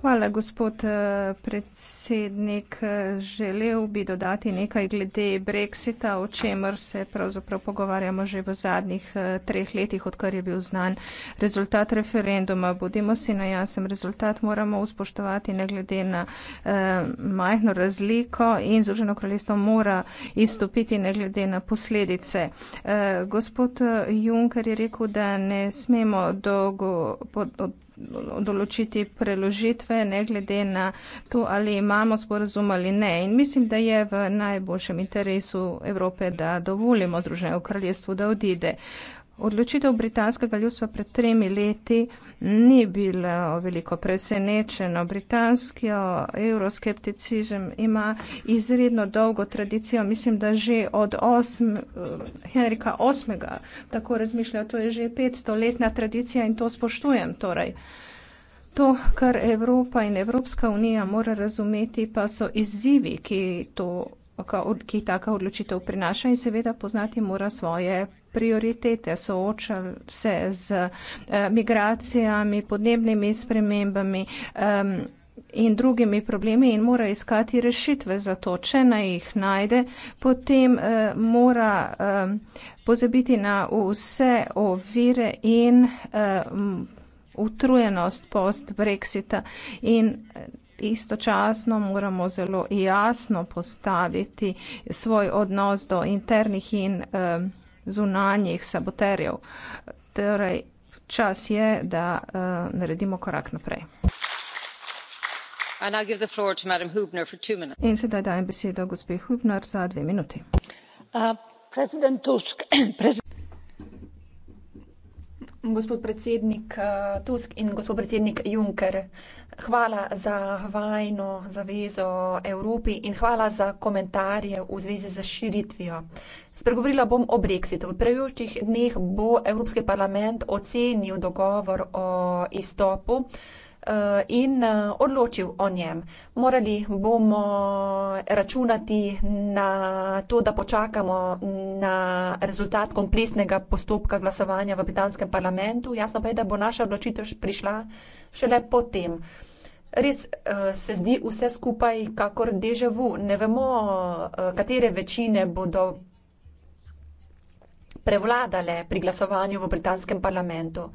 Hvala, gospod, eh, predsednik. Želel bi dodati nekaj glede brexita, o čemer se pravzaprav pogovarjamo že v zadnjih eh, treh letih, odkar je bil znan rezultat referenduma. Bodimo si na jasnem, rezultat moramo uspoštovati ne glede na eh, majhno razliko in Združeno kraljestvo mora izstopiti ne glede na posledice. Eh, gospod eh, Juncker je rekel, da ne smemo dolgo. Pod, določiti preložitve, ne glede na to, ali imamo sporozum ali ne. In mislim, da je v najboljšem interesu Evrope, da dovolimo Združenemu kraljestvu, da odide. Odločitev britanskega ljudstva pred tremi leti ni bila veliko presenečena. Britanski euroskepticizem eh, ima izredno dolgo tradicijo, mislim, da že od osm, eh, Henrika VIII. tako razmišlja, to je že 500-letna tradicija in to spoštujem. Torej. To, kar Evropa in Evropska unija mora razumeti, pa so izzivi, ki, to, ki taka odločitev prinaša in seveda poznati mora svoje prioritete, soočal se z eh, migracijami, podnebnimi spremembami in drugimi problemi in mora iskati rešitve za to. Če naj jih najde, potem eh, mora pozabiti na vse ovire in utrujenost post-Brexita in eh, istočasno moramo zelo jasno postaviti svoj odnos do internih in uh, zunanjih saboterjev. Torej, čas je, da uh, naredimo korak naprej. In sedaj dajem besedo gospe Hubner za dve minuti. Uh, Gospod predsednik eh, Tusk in gospod predsednik Juncker. Uh, Hvala za vajno zavezo Evropi in hvala za komentarje v zvezi z širitvijo. Spregovorila bom o brexitu. V prejočih dneh bo Evropski parlament ocenil dogovor o izstopu eh, in eh, odločil o njem. Morali bomo računati na to, da počakamo na rezultat kompleksnega postopka glasovanja v britanskem parlamentu. Jasno pa je, da bo naša odločitev prišla šele potem. Res uh, se zdi vse skupaj kakor deževu. Ne vemo, uh, katere večine bodo prevladale pri glasovanju v britanskem parlamentu.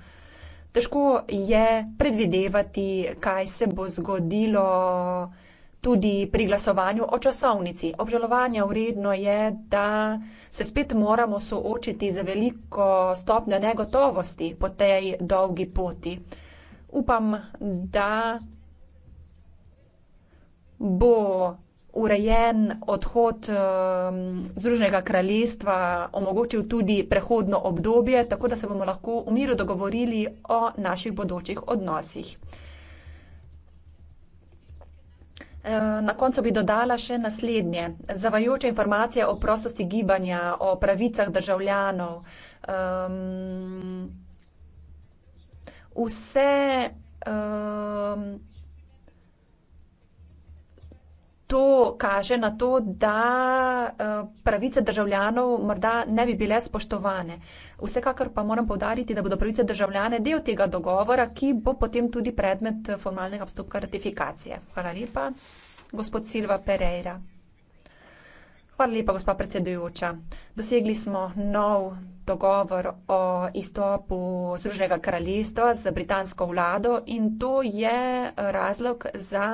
Težko je predvidevati, kaj se bo zgodilo tudi pri glasovanju o časovnici. Obžalovanja vredno je, da se spet moramo soočiti z veliko stopnjo negotovosti po tej dolgi poti. Upam, da bo urejen odhod uh, Združenega kraljestva omogočil tudi prehodno obdobje, tako da se bomo lahko v miru dogovorili o naših bodočih odnosih. Ehm, na koncu bi dodala še naslednje. Zavajoče informacije o prostosti gibanja, o pravicah državljanov. Um, vse um, to kaže na to, da eh, pravice državljanov morda ne bi bile spoštovane. Vsekakor pa moram povdariti, da bodo pravice državljane del tega dogovora, ki bo potem tudi predmet eh, formalnega postopka ratifikacije. Hvala lepa, gospod Silva Pereira. Hvala lepa, gospa predsedujoča. Dosegli smo nov dogovor o izstopu Združenega kraljestva z britansko vlado in to je razlog za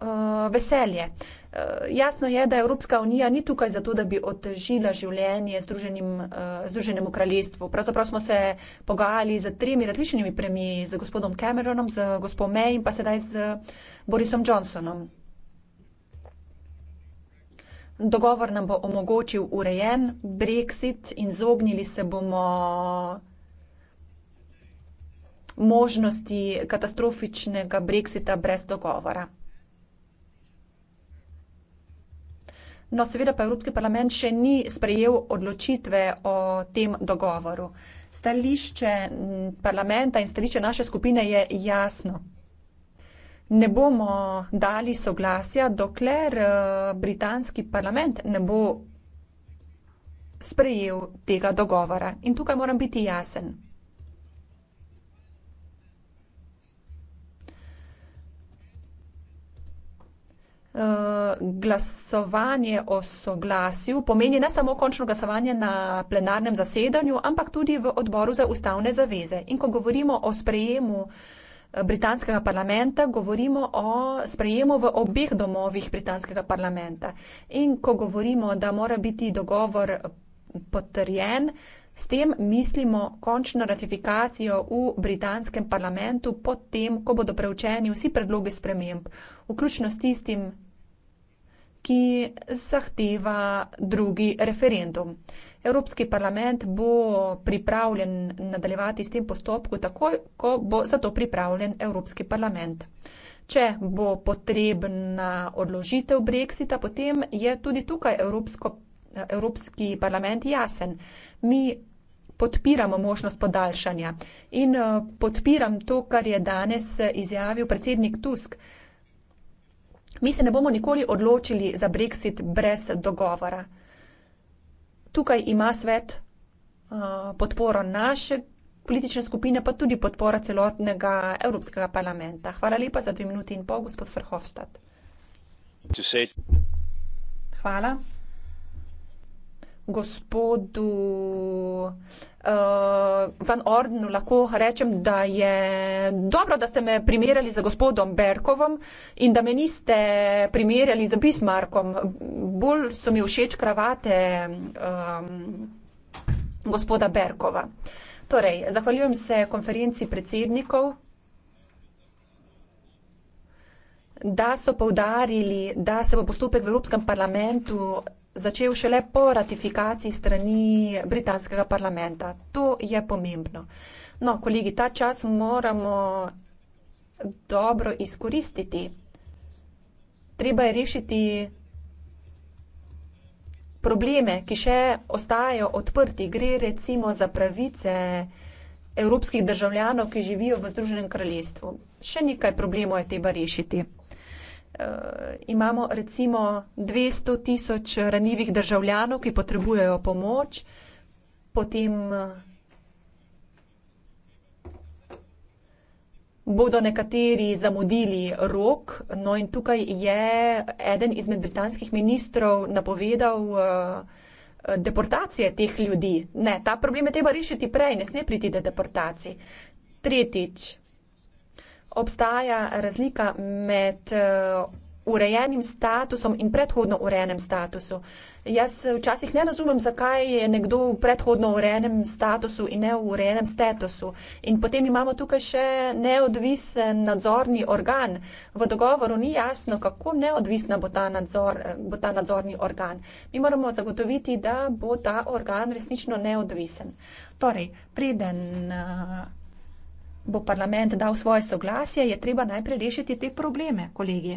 Eh, veselje. Eh, jasno je, da Evropska unija ni tukaj zato, da bi otežila življenje eh, Združenemu kraljestvu. Pravzaprav smo se pogajali z tremi različnimi premiji, z gospodom Cameronom, z gospodom May in pa sedaj z Borisom Johnsonom. Dogovor nam bo omogočil urejen brexit in zognili se bomo možnosti katastrofičnega brexita brez dogovora. No, seveda pa Evropski parlament še ni sprejel odločitve o tem dogovoru. Stališče parlamenta in stališče naše skupine je jasno. Ne bomo dali soglasja, dokler eh, britanski parlament ne bo sprejel tega dogovora. In tukaj moram biti jasen. Eh, glasovanje o soglasju pomeni ne samo končno glasovanje na plenarnem zasedanju, ampak tudi v odboru za ustavne zaveze. In ko govorimo o sprejemu eh, britanskega parlamenta, govorimo o sprejemu v obeh domovih britanskega parlamenta. In ko govorimo, da mora biti dogovor potrjen, uh, S tem mislimo končno ratifikacijo v britanskem parlamentu, potem, ko bodo preučeni vsi predlogi sprememb, vključno s tistim, ki zahteva drugi referendum. Evropski parlament bo pripravljen nadaljevati s tem postopkom, takoj, ko bo za to pripravljen Evropski parlament. Če bo potrebna odložitev Brexita, potem je tudi tukaj Evropsko, Evropski parlament jasen. Mi podpiramo možnost podaljšanja. In eh, podpiram to, kar je danes eh, izjavil predsednik Tusk. Mi se ne bomo nikoli odločili za Brexit brez dogovora. Tukaj ima svet eh, podporo naše politične skupine, pa tudi podpora celotnega Evropskega parlamenta. Hvala lepa za dve minuti in pol, gospod Frhofstad. Hvala gospodu uh, Van Ordenu lahko rečem, da je dobro, da ste me primerjali z gospodom Berkovom in da me niste primerjali z Bismarkom. Bolj so mi všeč kravate um, gospoda Berkova. Torej, zahvaljujem se konferenci predsednikov, da so povdarili, da se bo postopek v Evropskem parlamentu začel šele po ratifikaciji strani britanskega parlamenta. To je pomembno. No, kolegi, ta čas moramo dobro izkoristiti. Treba je rešiti probleme, ki še ostajajo odprti. Gre recimo za pravice evropskih državljanov, ki živijo v Združenem kraljestvu. Še nekaj problemov je treba rešiti. Uh, imamo recimo 200 tisoč ranljivih državljanov, ki potrebujejo pomoč, potem eh, bodo nekateri zamudili rok. No in tukaj je eden izmed britanskih ministrov napovedal uh, deportacije teh ljudi. Ne, ta problem je treba rešiti prej, ne sme priti do deportacij. Tretjič obstaja razlika med eh, urejenim statusom in predhodno urejenem statusu. Jaz včasih ne razumem, zakaj je nekdo v predhodno urejenem statusu in ne v urejenem statusu. In potem imamo tukaj še neodvisen nadzorni organ. V dogovoru ni jasno, kako neodvisna bo ta, nadzor, eh, bo ta nadzorni organ. Mi moramo zagotoviti, da bo ta organ resnično neodvisen. Torej, preden eh, bo parlament dal svoje soglasje, je treba najprej rešiti te probleme, kolegi.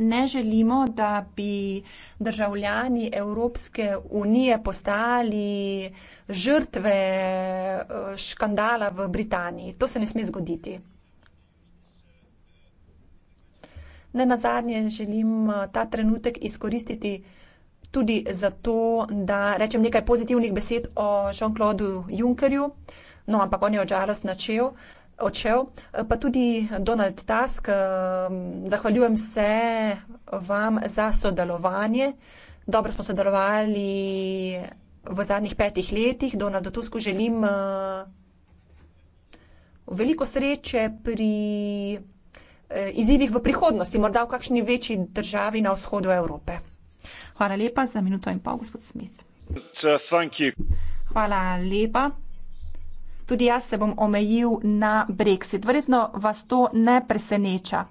Ne želimo, da bi državljani Evropske unije postali žrtve eh, škandala v Britaniji. To se ne sme zgoditi. Ne nazadnje želim eh, ta trenutek izkoristiti tudi zato, da rečem nekaj pozitivnih besed o Jean-Claude Junckerju. No, ampak on je od žalost načel. Očel, pa tudi Donald Tusk, ehm, zahvaljujem se vam za sodelovanje. Dobro smo sodelovali v zadnjih petih letih. Donaldu Tusku želim ehm, veliko sreče pri eh, izzivih v prihodnosti, morda v kakšni večji državi na vzhodu Evrope. Hvala lepa za minuto in pol, gospod Smith. Hvala lepa. Tudi jaz se bom omejil na Brexit. Verjetno vas to ne preseneča.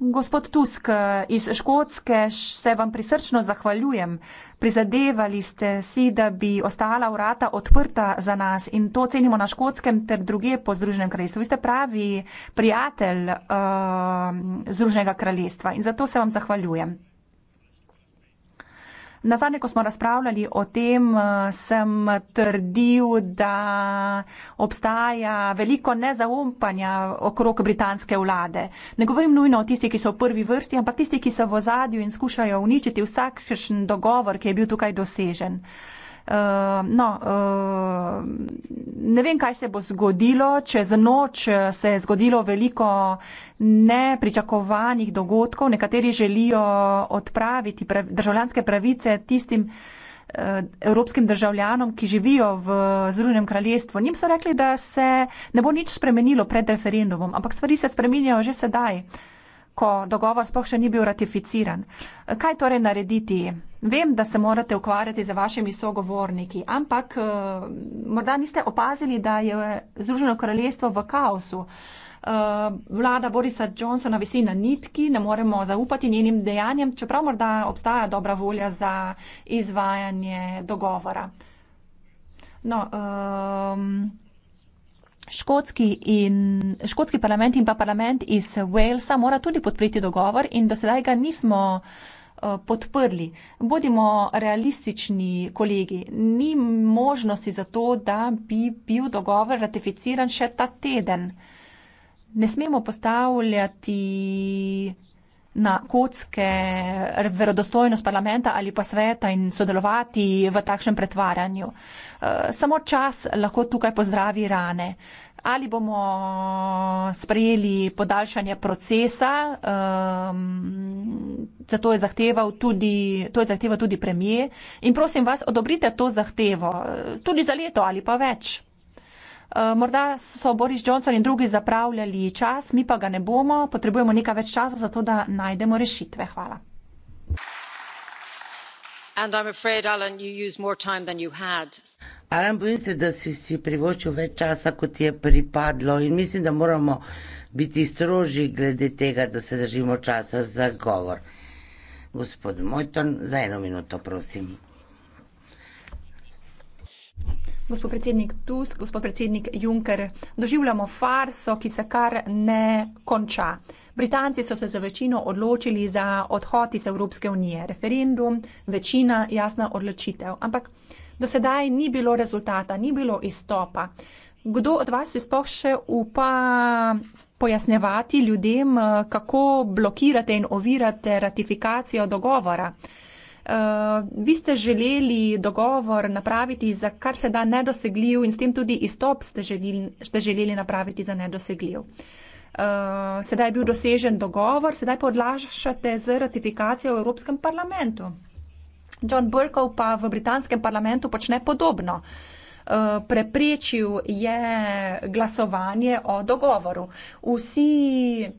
Gospod Tusk iz Škotske, se vam prisrčno zahvaljujem. Prizadevali ste si, da bi ostala vrata odprta za nas in to cenimo na Škotskem ter druge po Združenem kraljestvu. Vi ste pravi prijatelj uh, Združenega kraljestva in zato se vam zahvaljujem. Na zadnje, ko smo razpravljali o tem, eh, sem trdil, da obstaja veliko nezaumpanja okrog britanske vlade. Ne govorim nujno o tistih, ki so v prvi vrsti, ampak tistih, ki so v zadju in skušajo uničiti vsakšen dogovor, ki je bil tukaj dosežen. Uh, no, uh, ne vem, kaj se bo zgodilo. Čez noč eh, se je zgodilo veliko nepričakovanih dogodkov. Nekateri želijo odpraviti prav, državljanske pravice tistim eh, evropskim državljanom, ki živijo v Združenem kraljestvu. Njim so rekli, da se ne bo nič spremenilo pred referendumom, ampak stvari se spremenjajo že sedaj, ko dogovor sploh še ni bil ratificiran. Kaj torej narediti? Vem, da se morate ukvarjati z vašimi sogovorniki, ampak eh, morda niste opazili, da je Združeno kraljestvo v kaosu. Eh, vlada Borisa Johnsona visi na nitki, ne moremo zaupati njenim dejanjem, čeprav morda obstaja dobra volja za izvajanje dogovora. No, um, škotski, in, škotski parlament in pa parlament iz Walesa mora tudi podpreti dogovor in do sedaj ga nismo uh, Eh, podprli. Bodimo realistični, kolegi, ni možnosti za to, da bi bil dogovor ratificiran še ta teden. Ne smemo postavljati na kocke verodostojnost parlamenta ali pa sveta in sodelovati v takšnem pretvarjanju. Eh, samo čas lahko tukaj pozdravi rane ali bomo sprejeli podaljšanje procesa. Um, Zato je zahteval tudi, to je zahteval tudi premije in prosim vas, odobrite to zahtevo tudi za leto ali pa več. Uh, morda so Boris Johnson in drugi zapravljali čas, mi pa ga ne bomo, potrebujemo nekaj več časa za to, da najdemo rešitve. Hvala i'm afraid alan you used more time than you had. alan bojim se da si si privoščil več časa kot ti je pripadlo in mislim da moramo biti strožji glede tega da se držimo časa za govor. Gospod Mojton, za eno minuto, prosim. Gospod predsednik Tusk, gospod predsednik Juncker, doživljamo farso, ki se kar ne konča. Britanci so se za večino odločili za odhod iz Evropske unije. Referendum, večina, jasna odločitev. Ampak do sedaj ni bilo rezultata, ni bilo izstopa. Kdo od vas je sploh še upa pojasnjevati ljudem, kako blokirate in ovirate ratifikacijo dogovora? Uh, vi ste želeli dogovor napraviti za kar se da nedosegljiv in s tem tudi izstop ste želeli, ste želeli napraviti za nedosegljiv. Uh, sedaj je bil dosežen dogovor, sedaj podlašate z ratifikacijo v Evropskem parlamentu. John Burkow pa v britanskem parlamentu počne podobno. Eh, preprečil je glasovanje o dogovoru. Vsi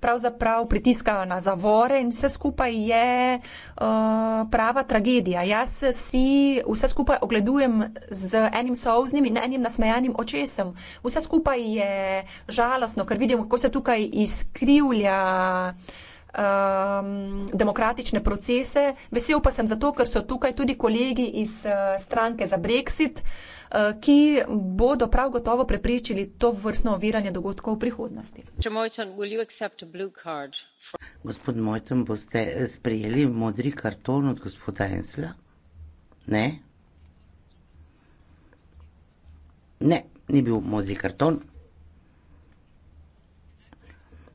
pravzaprav pritiskajo na zavore in vse skupaj je uh, prava tragedija. Jaz si vse skupaj ogledujem z enim solznim in enim nasmejanim očesom. Vse skupaj je žalostno, ker vidimo, kako se tukaj izkrivlja uh, um, demokratične procese. Vesel pa sem zato, ker so tukaj tudi kolegi iz uh, stranke za Brexit, uh, ki bodo prav gotovo preprečili to vrstno oviranje dogodkov v prihodnosti. Gospod Mojten, boste eh, sprejeli modri karton od gospoda Ensla? Ne? Ne, ni bil modri karton.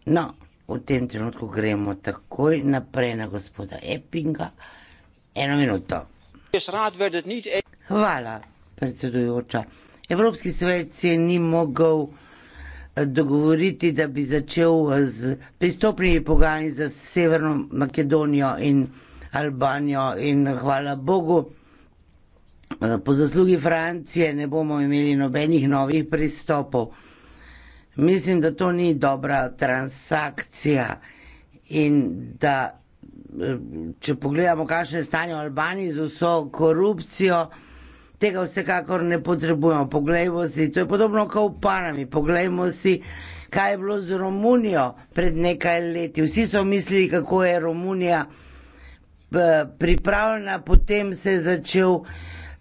No v tem trenutku gremo takoj naprej na gospoda Eppinga. Eno minuto. E- hvala, predsedujoča. Evropski svet se ni mogel eh, dogovoriti, da bi začel eh, z pristopnimi pogajanji za Severno Makedonijo in Albanijo in eh, hvala Bogu, po zaslugi Francije ne bomo imeli nobenih novih pristopov. Mislim, da to ni dobra transakcija in da eh, če pogledamo, kakšno je stanje v Albaniji z vso korupcijo, tega vsekakor ne potrebujemo. Poglejmo si, to je podobno kot v Panami, poglejmo si, kaj je bilo z Romunijo pred nekaj leti. Vsi so mislili, kako je Romunija eh, pripravljena, potem se je začel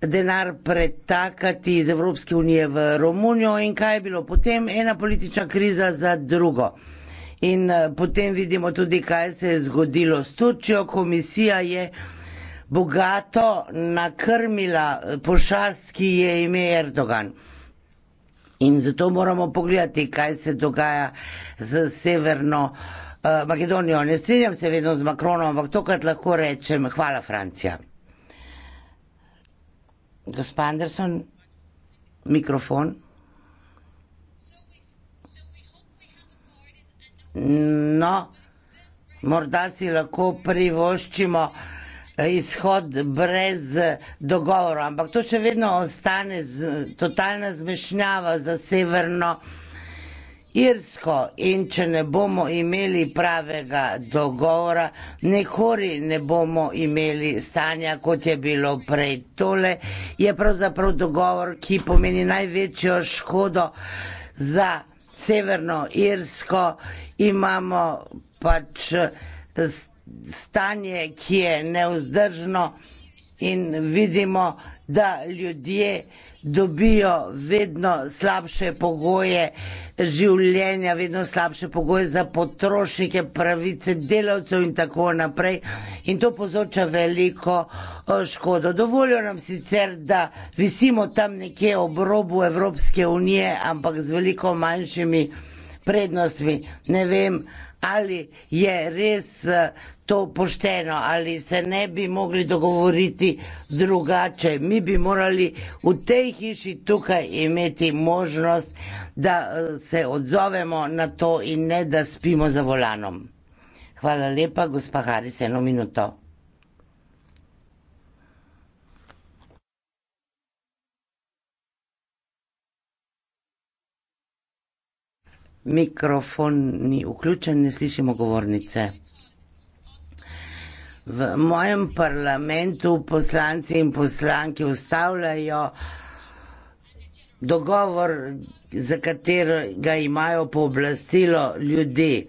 denar pretakati iz Evropske unije v Romunijo in kaj je bilo potem, ena politična kriza za drugo. In eh, potem vidimo tudi, kaj se je zgodilo s Turčijo. Komisija je bogato nakrmila eh, pošast, ki je ime Erdogan. In zato moramo pogledati, kaj se dogaja z Severno uh, Makedonijo. Ne strinjam se vedno z Makronom, ampak tokrat lahko rečem, hvala Francija. Gospa Anderson, mikrofon. No, morda si lahko privoščimo eh, izhod brez dogovora, ampak to še vedno ostane z, totalna zmešnjava za severno. Irsko in če ne bomo imeli pravega dogovora, nikoli ne bomo imeli stanja, kot je bilo prej. Tole je pravzaprav dogovor, ki pomeni največjo škodo za Severno Irsko. Imamo pač stanje, ki je neuzdržno in vidimo, da ljudje dobijo vedno slabše pogoje življenja, vedno slabše pogoje za potrošnike, pravice delavcev in tako naprej. In to povzroča veliko eh, škodo. Dovoljo nam sicer, da visimo tam nekje ob robu Evropske unije, ampak z veliko manjšimi prednostmi. Ne vem, ali je res eh, to pošteno, ali se ne bi mogli dogovoriti drugače. Mi bi morali v tej hiši tukaj imeti možnost, da eh, se odzovemo na to in ne da spimo za volanom. Hvala lepa, gospa Haris, eno minuto. Mikrofon ni vključen, ne slišimo govornice v mojem parlamentu poslanci in poslanke ustavljajo dogovor, za katero ga imajo pooblastilo ljudi.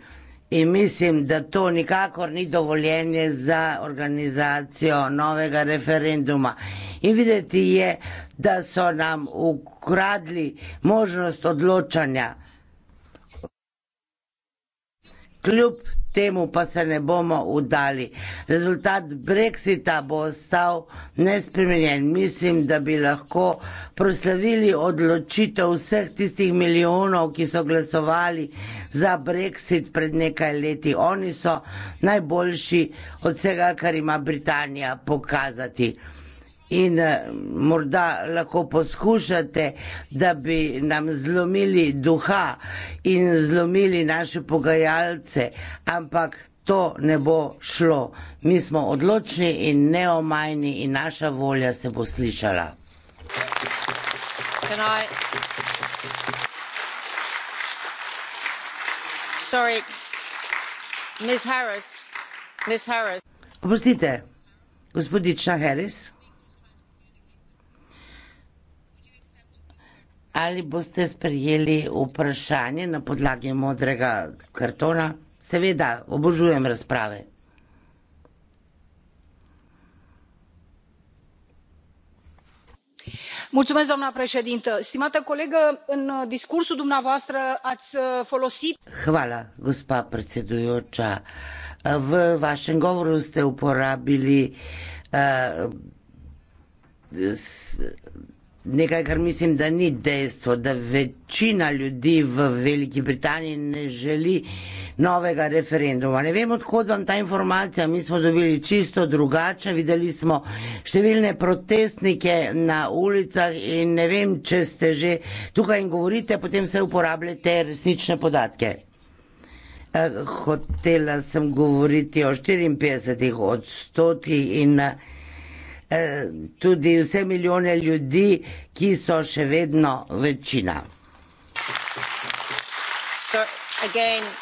In mislim, da to nikakor ni dovoljenje za organizacijo novega referenduma. In videti je, da so nam ukradli možnost odločanja. Kljub temu pa se ne bomo udali. Rezultat brexita bo ostal nespremenjen. Mislim, da bi lahko proslavili odločitev vseh tistih milijonov, ki so glasovali za brexit pred nekaj leti. Oni so najboljši od vsega, kar ima Britanija pokazati. In eh, morda lahko poskušate, da bi nam zlomili duha in zlomili naše pogajalce, ampak to ne bo šlo. Mi smo odločni in neomajni in naša volja se bo slišala. Oprostite, gospodična Harris. Ms. Harris. ali boste sprejeli vprašanje na podlagi modrega kartona? Seveda, obožujem razprave. Mulțumesc, doamna președintă. Stimată colegă, în discursul dumneavoastră ați uh, folosit... Hvala, gospa predsedujoča. V vašem govoru ste uporabili uh, Nekaj, kar mislim, da ni dejstvo, da večina ljudi v Veliki Britaniji ne želi novega referenduma. Ne vem, odkud vam ta informacija, mi smo dobili čisto drugače, videli smo številne protestnike na ulicah in ne vem, če ste že tukaj in govorite, potem se uporabljate resnične podatke. Eh, hotela sem govoriti o 54 odstotkih in eh, Eh, tudi vse milijone ljudi, ki so še vedno večina. Sir, again,